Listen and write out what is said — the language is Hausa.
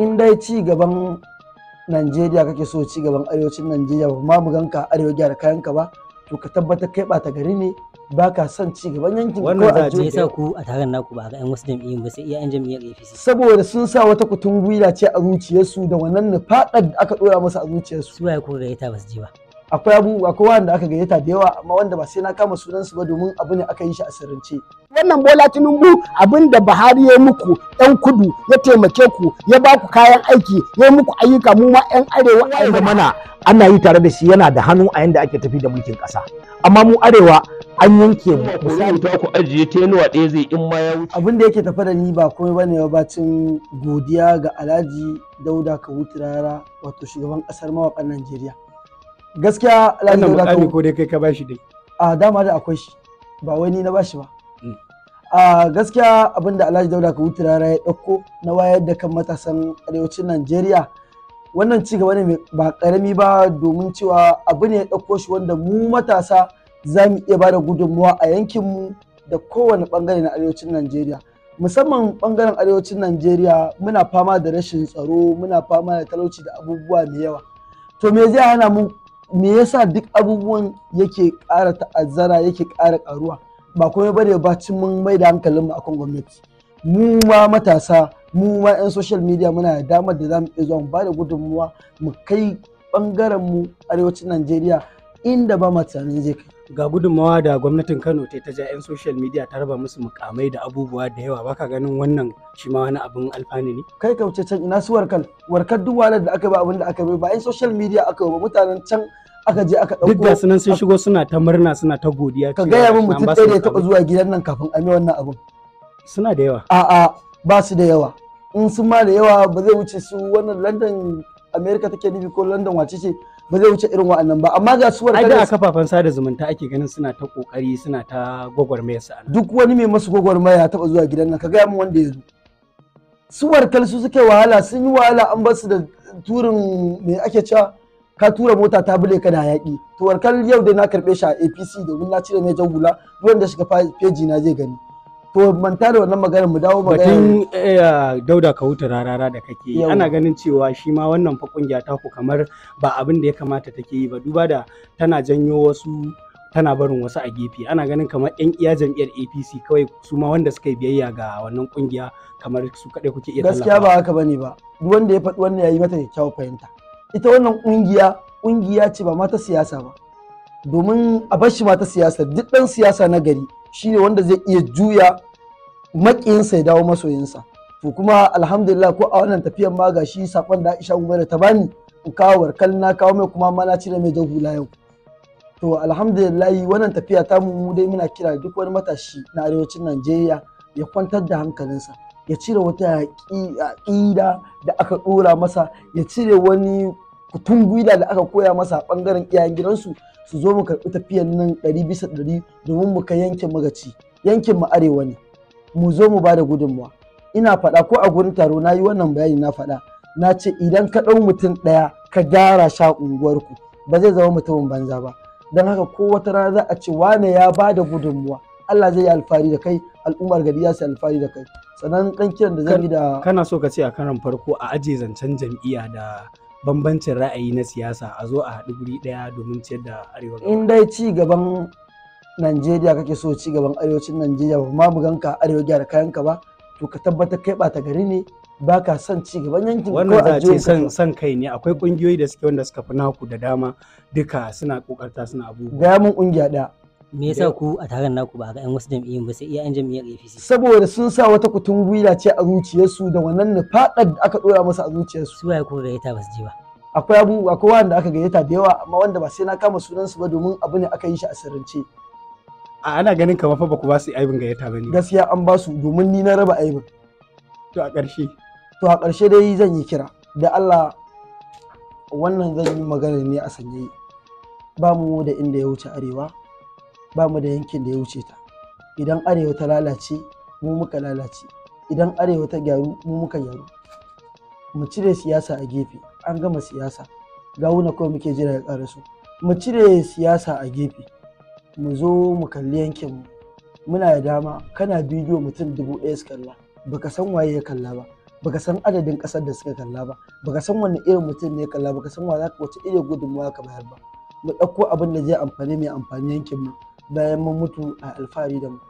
in dai ci gaban Najeriya kake so ci gaban arewacin Najeriya ba ma bugan ka arewa gyara kayan ka ba to ka tabbatar kai bata gari ne ba ka son ci gaban yankin wannan za je sa ku a taron naku ba ga yan wasu jam'iyyun ba sai iya yan jam'iyyar APC saboda sun sa wata kutun gwila ce a zuciyarsu da wannan nufaɗar da aka dora masa a zuciyarsu su waye ko gaita ba su je ba akwai abubuwa akwai wanda aka gayyata da yawa amma wanda ba sai na kama sunan su ba domin abu ne aka yi shi a sirrance wannan Bola Tinubu abin da Buhari ya muku ɗan kudu ya taimake ku ya ba ku kayan aiki ya muku ayyuka mu ma ƴan arewa a mana ana yi tare da shi yana da hannu a yanda ake tafi da mulkin kasa amma mu arewa an yanke mu misali ta ku ajiye ta yanuwa ɗaya zai in ma ya wuce abin da yake tafa da ni ba komai bane ba bacin godiya ga Alhaji Dauda Kawutirara wato shugaban kasar mawaƙan Najeriya gaskiya wannan mukami ko dai kai ka bashi dai a dama da akwai shi ba Wani na bashi ba mm. a gaskiya abin Alhaji Dauda ka Rara ya dauko na wayar da kan matasan arewacin Najeriya wannan ci gaba ne ba karami ba domin cewa abu ne ya ɗauko shi wanda mu matasa za mu iya bada gudunmuwa a yankinmu da kowane bangare na arewacin Najeriya. Musamman bangaren arewacin Najeriya muna fama da rashin tsaro, muna fama da talauci da abubuwa mai yawa. To me zai hana mu me yasa duk abubuwan yake ƙara ta'azzara yake ƙara ƙaruwa ba kuma bane ba cin mun mai da hankalin mu akan gwamnati mu ma matasa mu ma 'yan social media muna da damar da zamu iya zuwa mu bada gudunmuwa mu kai bangaren mu arewacin Najeriya inda ba mu tunanin zai kai ga gudunmawa da gwamnatin kano ta ta ja 'yan social media ta raba musu mukamai da abubuwa da yawa baka ganin wannan shi ma wani abin alfani ne kai kauce can ina su warkar warkar duk wahalar da aka ba abin da aka yi ba 'yan social media aka ba mutanen can aka je aka dauko duk da sunan sun shigo suna ta murna suna ta godiya ka gaya min mutum ɗaya da ya taɓa zuwa gidan nan kafin a yi wannan abin suna da yawa a'a ba su da yawa in sun ma da yawa ba zai wuce su wannan london america take nufi ko london wace ce ba zai wuce irin wa'annan ba amma ga suwar da a kafafen sada zumunta ake ganin suna ta kokari suna ta gwagwarmaya su duk wani mai masu gwagwarmaya ya taba zuwa gidan nan ka ga mun wanda ya zo suwar kalsu suke wahala sun yi wahala an su da turin me ake cewa ka tura mota ta bule ka da yaƙi to warkar yau dai na karɓe shi a APC domin na cire mai jan hula duk wanda shiga feji na zai gani to manta da wannan magana mu dawo magana batun eh, dauda ka huta rarara da kake ana ganin cewa shi ma wannan fa kungiya ta ku kamar ba abin da ya kamata take yi ba duba da tana janyo wasu tana barin wasu a gefe ana ganin kamar yan iya jam'iyyar APC kawai su ma wanda suka yi biyayya ga wannan kungiya kamar su kadai kuke iya gaskiya ba haka bane ba duk wanda ya faɗi wannan yayi mata kyakkyawar fahimta ita wannan kungiya kungiya ce ba mata siyasa ba domin a bar shi mata siyasa duk dan siyasa na gari Shi ne wanda zai iya juya makinsa ya dawo masoyinsa to kuma alhamdulillah ko a wannan tafiyan ma ga shi sakon da Aisha Umar ta bani in kawo warkal na kawo mai kuma ma na cire mai jahula yau to alhamdulillah wannan tafiya ta mu dai muna kira duk wani matashi na arewacin Najeriya ya kwantar da hankalinsa ya cire wata aƙida da aka ɗora masa ya cire wani tun gwila da aka koya masa a bangaren iyayen gidansu su zo mu karɓi tafiyan nan ɗari bisa ɗari domin mu kai yankin magaci yankin mu arewa ne mu zo mu ba da gudunmuwa ina faɗa ko a gurin taro na yi wannan bayani na faɗa na ce idan ka ɗau mutum ɗaya ka gyara sha unguwarku ba zai zama mutumin banza ba don haka ko wata rana za a ce wane ya ba da gudunmuwa Allah zai yi alfahari da kai al'ummar gari ya alfahari da kai sannan ɗan kiran da zan yi da kana so ka ce a karan farko a aje zancen jam'iyya da bambancin ra'ayi na siyasa a zo a haɗu guri ɗaya domin ciyar da arewa in dai ci gaban najeriya kake so ci gaban arewacin najeriya ba ma bugan ka arewa gyara kayanka ba to ka tabbatar kai ɓata gari ne ba ka son ci gaban yankin wannan za ce son son kai ne akwai ƙungiyoyi da suke wanda suka fi naku da dama duka suna kokarta suna abubuwa ga mun kungiya ɗaya me yasa ku a taron naku ba ga 'yan wasu jam'iyyun ba sai iya 'yan jam'iyyar APC saboda sun sa wata kutun gwila ce a zuciyarsu da wannan nufaɗar da aka ɗora masa a zuciyarsu su waye kuma gayyata ba su je ba akwai abu akwai wanda aka gayyata da yawa amma wanda ba sai na kama sunansu ba domin abu ne aka yi shi a sirrince a ana ganin kamar fa ba ku ba su aibin gayyata ba ne gaskiya an ba su domin ni na raba aibin to a ƙarshe to a ƙarshe dai zan yi kira da Allah wannan zan yi magana ne a sanye ba mu da inda ya wuce arewa ba mu da yankin da ya wuce ta idan arewa ta lalace mu muka lalace idan arewa ta gyaru mu muka gyaru mu cire siyasa a gefe an gama siyasa gawuna kawai muke jira ya ƙara su mu cire siyasa a gefe mu zo mu kalli yankin mu muna da dama kana bidiyo mutum dubu ɗaya su kalla baka san waye ya kalla ba baka san adadin ƙasar da suka kalla ba baka san wani irin mutum ne ya kalla baka san wa ka wace irin gudunmawa ka bayar ba mu ɗauko abin da zai amfani mai amfani yankin mu bayan mun mutu a alfahari da mu